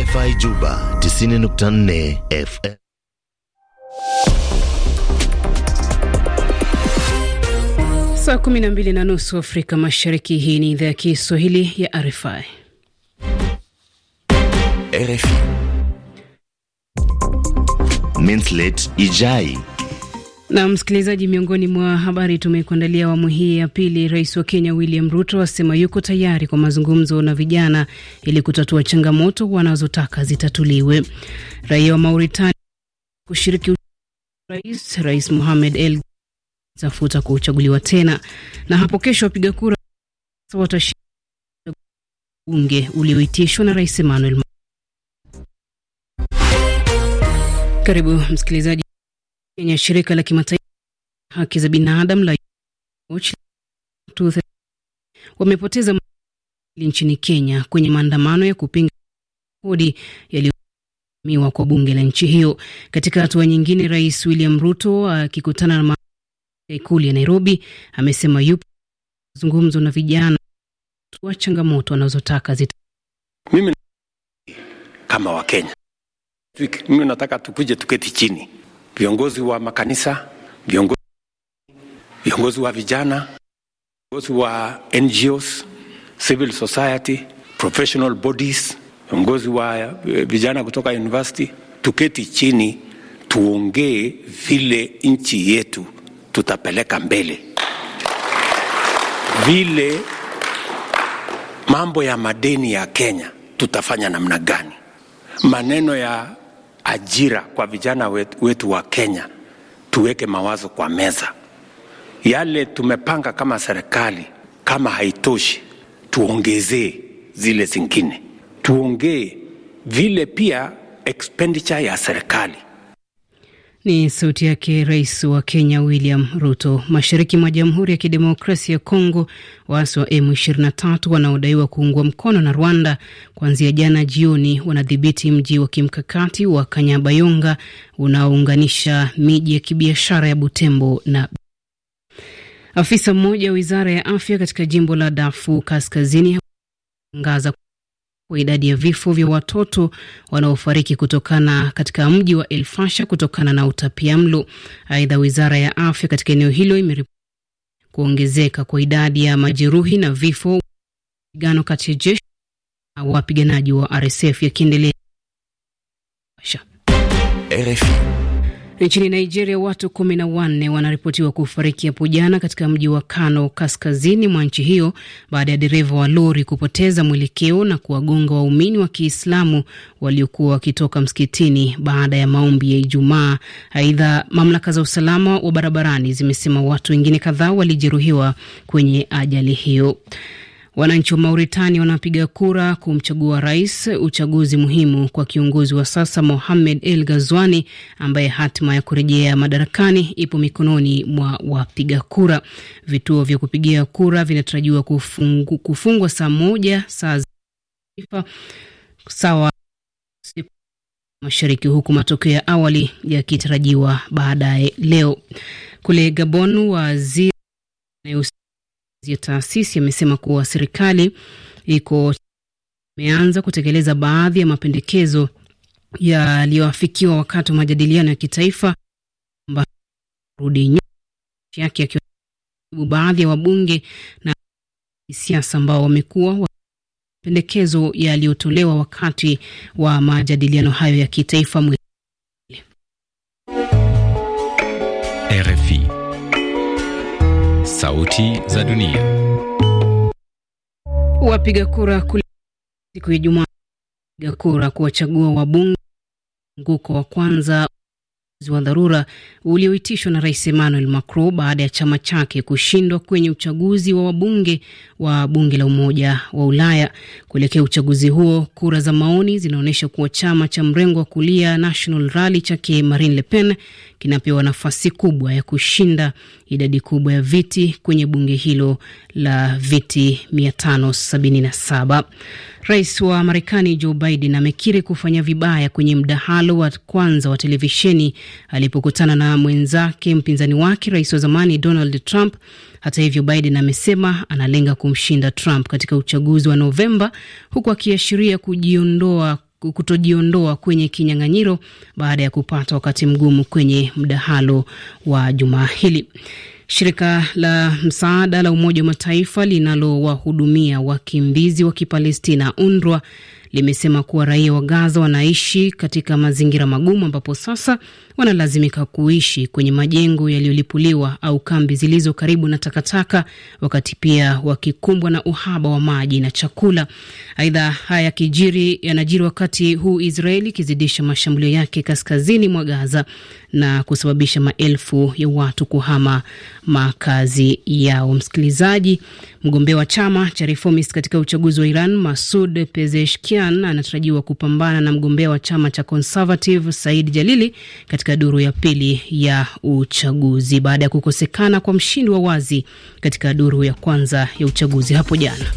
RFI Juba 90.4 FM. Saa 12 na nusu Afrika Mashariki. Hii ni idhaa ya Kiswahili ya RFI. RFI Mintlet Ijai na msikilizaji, miongoni mwa habari tumekuandalia awamu hii ya pili, rais wa Kenya William Ruto asema yuko tayari kwa mazungumzo na vijana ili kutatua changamoto wanazotaka zitatuliwe. Raia wa Mauritania kushiriki rais Rais Mohamed El tafuta kuchaguliwa tena, na hapo kesho wapiga kura watashiriki bunge ulioitishwa na Rais Emmanuel. Karibu msikilizaji Kenya, shirika la kimataifa haki za binadamu la wamepoteza nchini Kenya kwenye maandamano ya kupinga kodi yaliyomiwa kwa bunge la nchi hiyo. Katika hatua nyingine, Rais William Ruto akikutana na ikulu ya Nairobi amesema yupo mazungumzo na vijana wa changamoto wanazotaka zita mimi kama Wakenya, mimi nataka tukuje tuketi chini viongozi wa makanisa, viongozi, viongozi wa vijana, viongozi wa NGOs, civil society, professional bodies, viongozi wa eh, vijana kutoka university, tuketi chini tuongee vile nchi yetu tutapeleka mbele, vile mambo ya madeni ya Kenya tutafanya namna gani, maneno ya ajira kwa vijana wetu, wetu wa Kenya, tuweke mawazo kwa meza. Yale tumepanga kama serikali, kama haitoshi, tuongezee zile zingine, tuongee vile pia expenditure ya serikali ni sauti yake Rais wa Kenya William Ruto. Mashariki mwa Jamhuri ya Kidemokrasia ya Kongo, waasi wa M23 wanaodaiwa kuungwa mkono na Rwanda kuanzia jana jioni wanadhibiti mji wa kimkakati wa Kanyabayonga unaounganisha miji ya kibiashara ya Butembo na afisa mmoja wa wizara ya afya katika jimbo la Darfur Kaskazini angaza idadi ya vifo vya watoto wanaofariki kutokana katika mji wa elfasha kutokana na utapiamlo. Aidha, wizara ya afya katika eneo hilo imeripoti kuongezeka kwa idadi ya majeruhi na vifo, pigano kati ya jeshi na wapiganaji wa RSF yakiendelea. RFI Nchini Nigeria, watu kumi na wanne wanaripotiwa kufariki hapo jana katika mji wa Kano, kaskazini mwa nchi hiyo, baada ya dereva wa lori kupoteza mwelekeo na kuwagonga waumini wa Kiislamu waliokuwa wakitoka msikitini baada ya maombi ya Ijumaa. Aidha, mamlaka za usalama wa barabarani zimesema watu wengine kadhaa walijeruhiwa kwenye ajali hiyo. Wananchi wa mauritani wanapiga kura kumchagua rais, uchaguzi muhimu kwa kiongozi wa sasa Mohamed El Gazwani ambaye hatima ya kurejea madarakani ipo mikononi mwa wapiga kura. Vituo vya kupigia kura vinatarajiwa kufungu, kufungwa saa moja saa za sawa mashariki huku matokeo ya awali yakitarajiwa baadaye leo. Kule Gabon waziri ya taasisi amesema kuwa serikali iko imeanza kutekeleza baadhi ya mapendekezo yaliyoafikiwa wakati wa majadiliano ya kitaifa kwamba rudi yake akijibu baadhi ya wabunge na siasa ambao wamekuwa mapendekezo yaliyotolewa wakati wa majadiliano hayo ya kitaifa. Sauti za Dunia. Wapiga kura kule siku ya Jumaa wapiga kura kuwachagua wabunge mzunguko wa kwanza wa dharura ulioitishwa na Rais Emmanuel Macron baada ya chama chake kushindwa kwenye uchaguzi wa wabunge wa bunge la Umoja wa Ulaya. Kuelekea uchaguzi huo, kura za maoni zinaonyesha kuwa chama cha mrengo wa kulia National Rally chake Marine Le Pen kinapewa nafasi kubwa ya kushinda idadi kubwa ya viti kwenye bunge hilo la viti 577. Rais wa Marekani Joe Biden amekiri kufanya vibaya kwenye mdahalo wa kwanza wa televisheni alipokutana na mwenzake mpinzani wake rais wa zamani Donald Trump. Hata hivyo, Biden amesema analenga kumshinda Trump katika uchaguzi wa Novemba, huku akiashiria kujiondoa kutojiondoa kwenye kinyang'anyiro baada ya kupata wakati mgumu kwenye mdahalo wa jumaa hili. Shirika la msaada la Umoja wa Mataifa linalowahudumia wakimbizi wa Kipalestina, UNRWA, limesema kuwa raia wa Gaza wanaishi katika mazingira magumu, ambapo sasa wanalazimika kuishi kwenye majengo yaliyolipuliwa au kambi zilizo karibu na takataka, wakati pia wakikumbwa na uhaba wa maji na chakula. Aidha, haya yakijiri yanajiri wakati huu Israeli ikizidisha mashambulio yake kaskazini mwa Gaza na kusababisha maelfu ya watu kuhama makazi yao. Msikilizaji, mgombea wa chama cha Reformist katika uchaguzi wa Iran Masud Pezeshkian Ayan anatarajiwa kupambana na mgombea wa chama cha Conservative Said Jalili katika duru ya pili ya uchaguzi baada ya kukosekana kwa mshindi wa wazi katika duru ya kwanza ya uchaguzi hapo jana.